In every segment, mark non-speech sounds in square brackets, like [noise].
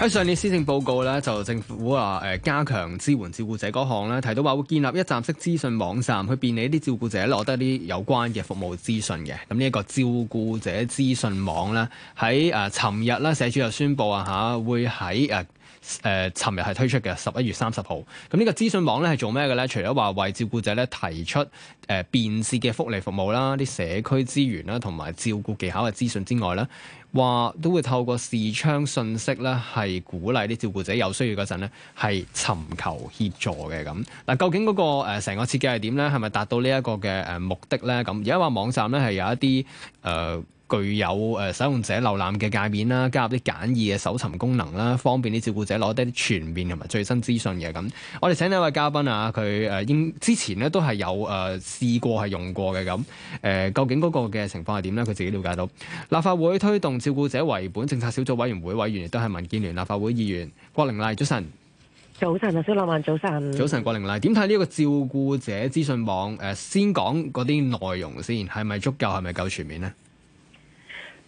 喺上年施政報告咧，就政府話誒加強支援照顧者嗰項咧，提到話會建立一站式資訊網站，去便利一啲照顧者攞得啲有關嘅服務資訊嘅。咁呢一個照顧者資訊網咧，喺誒尋日啦，社署又宣布啊嚇，會喺誒誒尋日係推出嘅十一月三十號。咁呢個資訊網咧係做咩嘅咧？除咗話為照顧者咧提出誒便捷嘅福利服務啦、啲社區資源啦，同埋照顧技巧嘅資訊之外咧，話都會透過視窗信息咧，係鼓勵啲照顧者有需要嗰陣咧，係尋求協助嘅。咁。嗱，究竟嗰個誒成個設計係點咧？係咪達到呢一個嘅誒目的咧？咁而家話網站咧係有一啲誒。呃具有誒使用者瀏覽嘅界面啦，加入啲簡易嘅搜尋功能啦，方便啲照顧者攞低啲全面同埋最新資訊嘅咁。我哋請呢位嘉賓啊，佢誒應之前咧都係有誒試過係用過嘅咁誒。究竟嗰個嘅情況係點呢？佢自己了解到立法會推動照顧者為本政策小組委員會委員，亦都係民建聯立法會議員郭玲麗。早晨，早晨啊，小浪漫，早晨，早晨，郭玲麗點睇呢一個照顧者資訊網？誒，先講嗰啲內容先，係咪足夠？係咪夠，夠全面呢？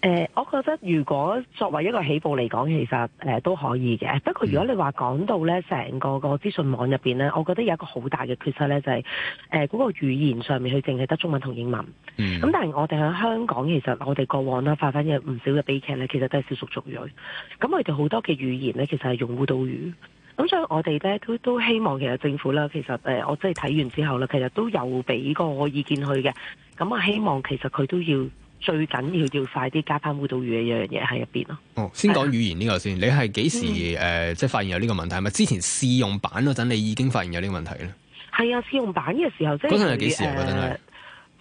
誒、呃，我覺得如果作為一個起步嚟講，其實誒、呃、都可以嘅。不過如果你話講到咧，成個個資訊網入邊咧，我覺得有一個好大嘅缺失咧，就係誒嗰個語言上面佢淨係得中文同英文。咁、嗯、但係我哋喺香港，其實我哋過往咧發翻嘅唔少嘅悲劇咧，其實都係少數族裔。咁我哋好多嘅語言咧，其實係用烏都語。咁所以我哋咧都都希望其實政府啦，其實誒、呃、我即係睇完之後啦，其實都有俾個意見佢嘅。咁啊，希望其實佢都要。最緊要要快啲加翻烏都語一樣嘢喺入邊咯。哦，先講語言呢、這個先。啊、你係幾時誒、嗯呃，即係發現有呢個問題？咪之前試用版嗰陣，你已經發現有呢個問題咧？係啊，試用版嘅時候即係誒、啊呃，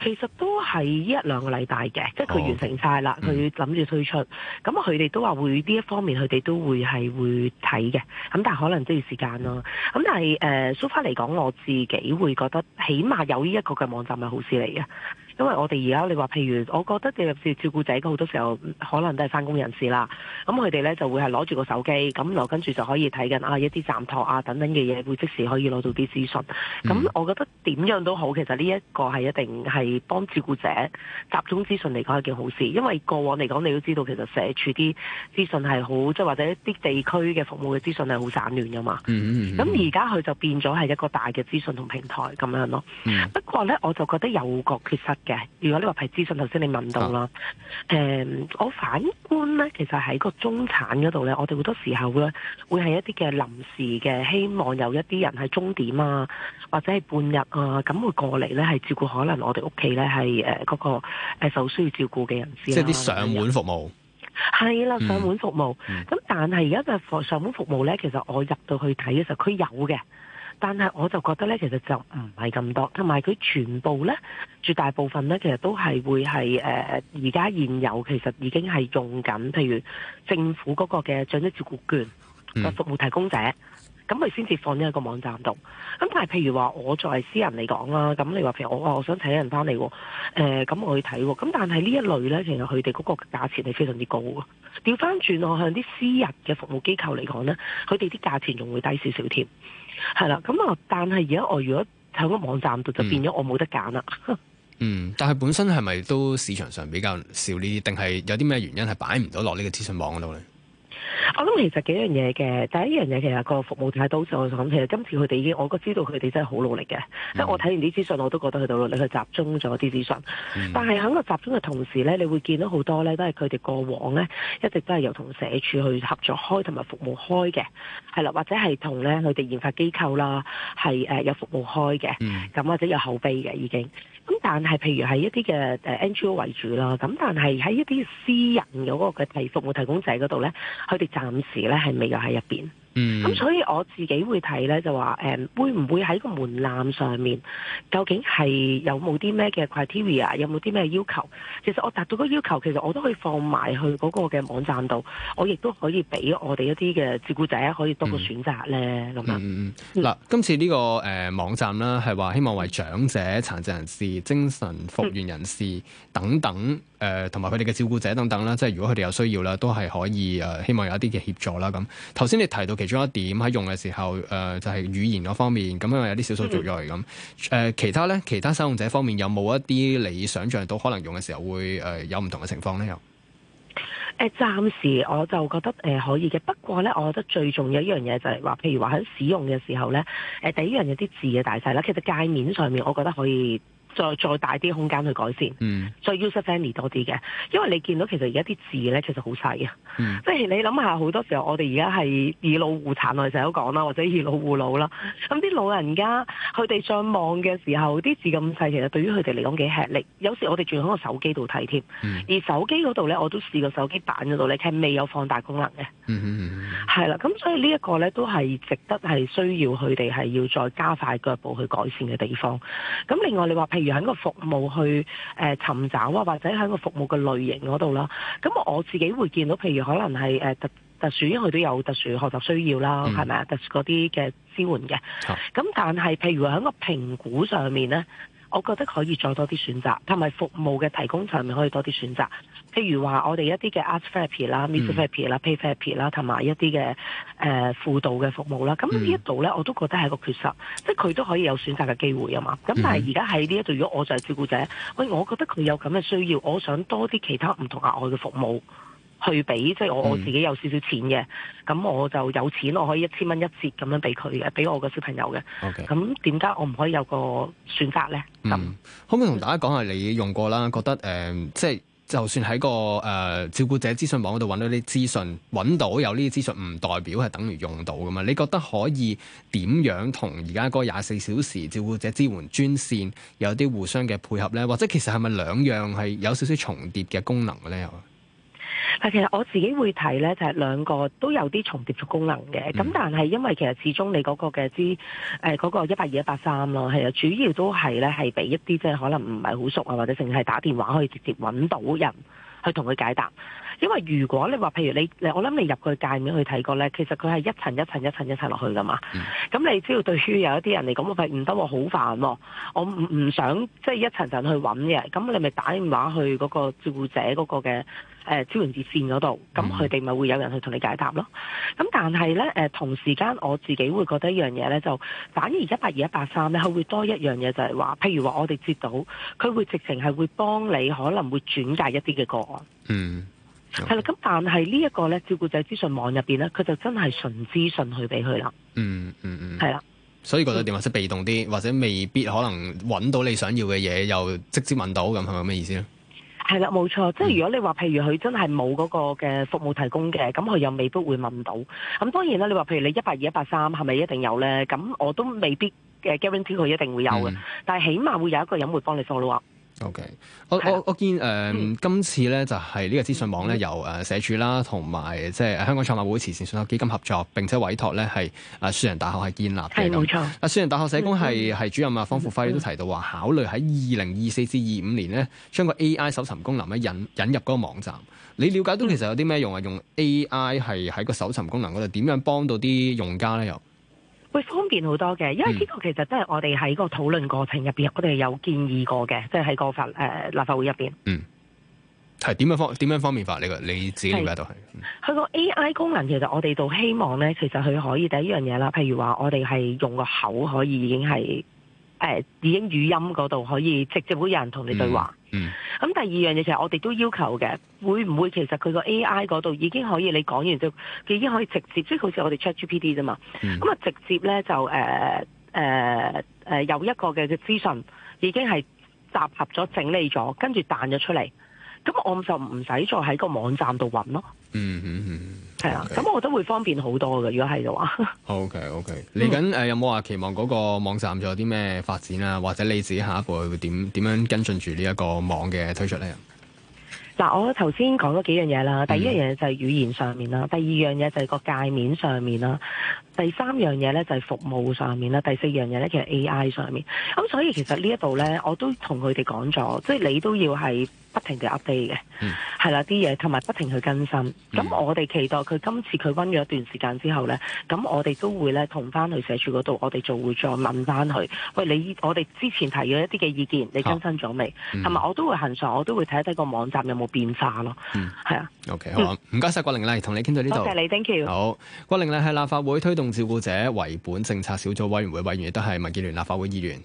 其實都係一兩個禮拜嘅，即係佢完成晒啦，佢諗住推出。咁佢哋都話會呢一方面，佢哋都會係會睇嘅。咁但係可能都要時間咯。咁但係誒，so far 嚟講，我自己會覺得，起碼有呢一個嘅網站係好事嚟嘅。因為我哋而家你話，譬如我覺得嘅照照顧者好多時候可能都係翻工人士啦。咁佢哋咧就會係攞住個手機，咁然後跟住就可以睇緊啊一啲站台啊等等嘅嘢，會即時可以攞到啲資訊。咁我覺得點樣都好，其實呢一個係一定係幫照顧者集中資訊嚟講係件好事，因為過往嚟講你都知道，其實社署啲資訊係好，即係或者一啲地區嘅服務嘅資訊係好散亂噶嘛。嗯嗯嗯。咁而家佢就變咗係一個大嘅資訊同平台咁樣咯。不過咧，我就覺得有個缺失嘅。如果你話係資訊，頭先你問到啦，誒，我反觀咧，其實喺個中產嗰度咧，我哋好多時候咧，會係一啲嘅臨時嘅，希望有一啲人係終點啊，或者係半日啊，咁會過嚟咧，係照顧可能我哋屋企咧係誒嗰個誒受需要照顧嘅人士。即係啲上門服務。係啦，上門服務。咁但係而家嘅上門服務咧，其實我入到去睇嘅時候，佢有嘅。但係我就覺得呢，其實就唔係咁多，同埋佢全部呢，絕大部分呢，其實都係會係誒而家現有其實已經係用緊，譬如政府嗰個嘅長者照顧券，個服務提供者。咁咪先至放喺個網站度。咁但係譬如話，我作為私人嚟講啦，咁你話譬如我我想請人翻嚟，誒咁我去睇喎。咁但係呢一類咧，其實佢哋嗰個價錢係非常之高嘅。調翻轉我向啲私人嘅服務機構嚟講咧，佢哋啲價錢仲會低少少添。係啦，咁啊，但係而家我如果喺個網站度就變咗我冇得揀啦。嗯，但係本身係咪都市場上比較少呢啲？定係有啲咩原因係擺唔到落呢個資訊網度咧？我諗其實幾樣嘢嘅，第一樣嘢其實個服務態度，我諗其實今次佢哋已經，我知道佢哋真係好努力嘅。即、嗯、為我睇完啲資訊，我都覺得佢哋努力去集中咗啲資訊。嗯、但係喺個集中嘅同時咧，你會見到好多咧，都係佢哋過往咧一直都係由同社署去合作開同埋服務開嘅，係啦，或者係同咧佢哋研發機構啦，係誒有服務開嘅，咁、嗯、或者有後備嘅已經。咁但係譬如係一啲嘅 NGO 為主啦，咁但係喺一啲私人嗰個嘅提服務提供者嗰度咧，佢哋就五時咧，係未有喺入邊。 [noise] 咁、嗯、所以我自己會睇咧，就話誒會唔會喺個門檻上面，究竟係有冇啲咩嘅 criteria，有冇啲咩要求？其實我達到個要求，其實我都可以放埋去嗰個嘅網站度，我亦都可以俾我哋一啲嘅照顧者可以多個選擇咧，咁樣。嗱，今次呢、這個誒、呃、網站啦，係話希望為長者、殘疾人士、精神復原人士等等誒同埋佢哋嘅照顧者等等啦，即係如果佢哋有需要啦，都係可以誒、呃、希望有一啲嘅協助啦咁。頭先你提到。其中一點喺用嘅時候，誒、呃、就係、是、語言嗰方面，咁因為有啲少數族裔咁。誒、呃、其他咧，其他使用者方面有冇一啲你想象到可能用嘅時候會誒有唔同嘅情況咧？有誒暫、呃、時我就覺得誒、呃、可以嘅，不過咧，我覺得最重要一樣嘢就係話，譬如話喺使用嘅時候咧，誒、呃、第一樣有啲字嘅大細啦，其實界面上面我覺得可以，再再大啲空間去改善，嗯、再 user friendly 多啲嘅，因為你見到其實而家啲字咧，其實好細啊。即係、嗯、你諗下，好多時候我哋而家係以老護殘，我哋成日都講啦，或者以老護老啦。咁啲老人家佢哋上網嘅時候，啲字咁細，其實對於佢哋嚟講幾吃力。有時我哋仲喺個手機度睇添，嗯、而手機嗰度咧，我都試過手機版嗰度咧，係未有放大功能嘅、嗯。嗯，係啦，咁、嗯、所以呢一個咧都係值得係需要佢哋係要再加快腳步去改善嘅地方。咁另外你話如喺個服務去誒、呃、尋找啊，或者喺個服務嘅類型嗰度啦。咁我自己會見到，譬如可能係誒特特殊，因為佢都有特殊學習需要啦，係咪啊？特殊嗰啲嘅支援嘅。咁好 但係譬如響個評估上面咧。我覺得可以再多啲選擇，同埋服務嘅提供上面可以多啲選擇。譬如話、嗯，我哋一啲嘅 art therapy 啦、music therapy 啦、pay therapy 啦，同埋一啲嘅誒輔導嘅服務啦。咁呢一度呢，我都覺得係一個缺失，即係佢都可以有選擇嘅機會啊嘛。咁但係而家喺呢一度，如果我就係照顧者，喂，我覺得佢有咁嘅需要，我想多啲其他唔同額外嘅服務。去俾即係我我自己有少少錢嘅，咁、嗯、我就有錢，我可以一千蚊一折咁樣俾佢嘅，俾我個小朋友嘅。Okay。咁點解我唔可以有個選擇呢？咁、嗯、可唔可以同大家講下你用過啦？覺得誒、呃，即係就算喺個誒、呃、照顧者資訊網度揾到啲資訊，揾到有呢啲資訊，唔代表係等於用到噶嘛？你覺得可以點樣同而家嗰廿四小時照顧者支援專線有啲互相嘅配合呢？或者其實係咪兩樣係有少少重疊嘅功能呢？係，其實我自己會睇呢，就係、係、兩個都有啲重疊嘅功能嘅。咁但係因為其實始終你嗰個嘅啲誒嗰個一百二一百三咯，係啊，主要都係呢，係俾一啲即係可能唔係好熟啊，或者淨係打電話可以直接揾到人去同佢解答。因為如果你話，譬如你，我諗你入個界面去睇過呢，其實佢係一層一層一層一層落去噶嘛。咁、嗯、你只要對於有一啲人嚟講，我係唔得喎，好煩喎，我唔唔、哦、想即係、就是、一層一層去揾嘅。咁你咪打電話去嗰個照顧者嗰個嘅誒支援熱線嗰度，咁佢哋咪會有人去同你解答咯。咁但係呢，誒同時間我自己會覺得一樣嘢呢，就反而一八二一八三呢，佢會多一樣嘢就係話，譬如話我哋接到佢會直情係會幫你可能會轉介一啲嘅個案。嗯。係啦，咁但係呢一個咧，照顧者資訊網入邊咧，佢就真係純資訊去俾佢啦。嗯嗯嗯。係啦，所以覺得電話即係被動啲，或者未必可能揾到你想要嘅嘢，又直接問到咁係咪咩意思咧？係啦，冇錯。即係如果你話譬如佢真係冇嗰個嘅服務提供嘅，咁佢又未必會問到。咁當然啦，你話譬如你一百二、一百三，係咪一定有咧？咁我都未必嘅。guarantee 佢一定會有嘅，但係起碼會有一個人會幫你做咯。OK，我我我見誒、呃嗯、今次咧就係、是、呢個資訊網咧由誒社署啦，同埋即係香港創立會慈善信託基金合作，並且委託咧係誒樹仁大學係建立嘅、係冇錯，啊樹仁大學社工係係、嗯、主任啊方富輝、嗯、都提到話，考慮喺二零二四至二五年咧將個 AI 搜尋功能咧引引入嗰個網站。你了解到其實有啲咩用啊？嗯、用 AI 係喺個搜尋功能嗰度點樣幫到啲用家咧？又？會方便好多嘅，因為呢個其實都係我哋喺個討論過程入邊，嗯、我哋有建議過嘅，即係喺個法誒、呃、立法會入邊。嗯，係點樣方點樣方便法？你個你自己了解到係。佢個 AI 功能其實我哋都希望咧，其實佢可以第一樣嘢啦，譬如話我哋係用個口可以已經係。誒、哎、已經語音嗰度可以直接會有人同你對話。嗯、咁、嗯、第二樣嘢就係我哋都要求嘅，會唔會其實佢個 AI 嗰度已經可以你講完就已經可以直接，即係好似我哋 ChatGPT 啫嘛。咁啊、嗯嗯嗯、直接咧就誒誒誒有一個嘅嘅資訊已經係集合咗、整理咗，跟住彈咗出嚟。咁我就唔使再喺個網站度揾咯。嗯嗯嗯，係啊。咁 Okay。我覺得會方便好多嘅，如果係嘅話。OK OK，嚟緊誒有冇話期望嗰個網站仲有啲咩發展啊？或者你自己下一步會點點樣跟進住呢一個網嘅推出咧？嗱，我頭先講咗幾樣嘢啦。第一樣嘢就係語言上面啦，嗯、第二樣嘢就係個界面上面啦，第三樣嘢咧就係服務上面啦，第四樣嘢咧其實 AI 上面。咁所以其實呢一步咧，我都同佢哋講咗，即係你都要係。.不停地 update 嘅，係啦啲嘢，同埋不停去更新。咁、嗯、我哋期待佢今次佢溫咗一段時間之後咧，咁我哋都會咧同翻去社署嗰度，我哋就會再問翻佢。喂，你我哋之前提咗一啲嘅意見，你更新咗未？係咪、嗯？我都會行上，我都會睇一睇個網站有冇變化咯。嗯，係啊。OK，好，唔該晒郭玲麗，同你傾到呢度。多謝你，thank you。好，郭玲麗係立法會推動，推動照顧者為本政策小組委員會委員，亦都係民建聯立法會議員。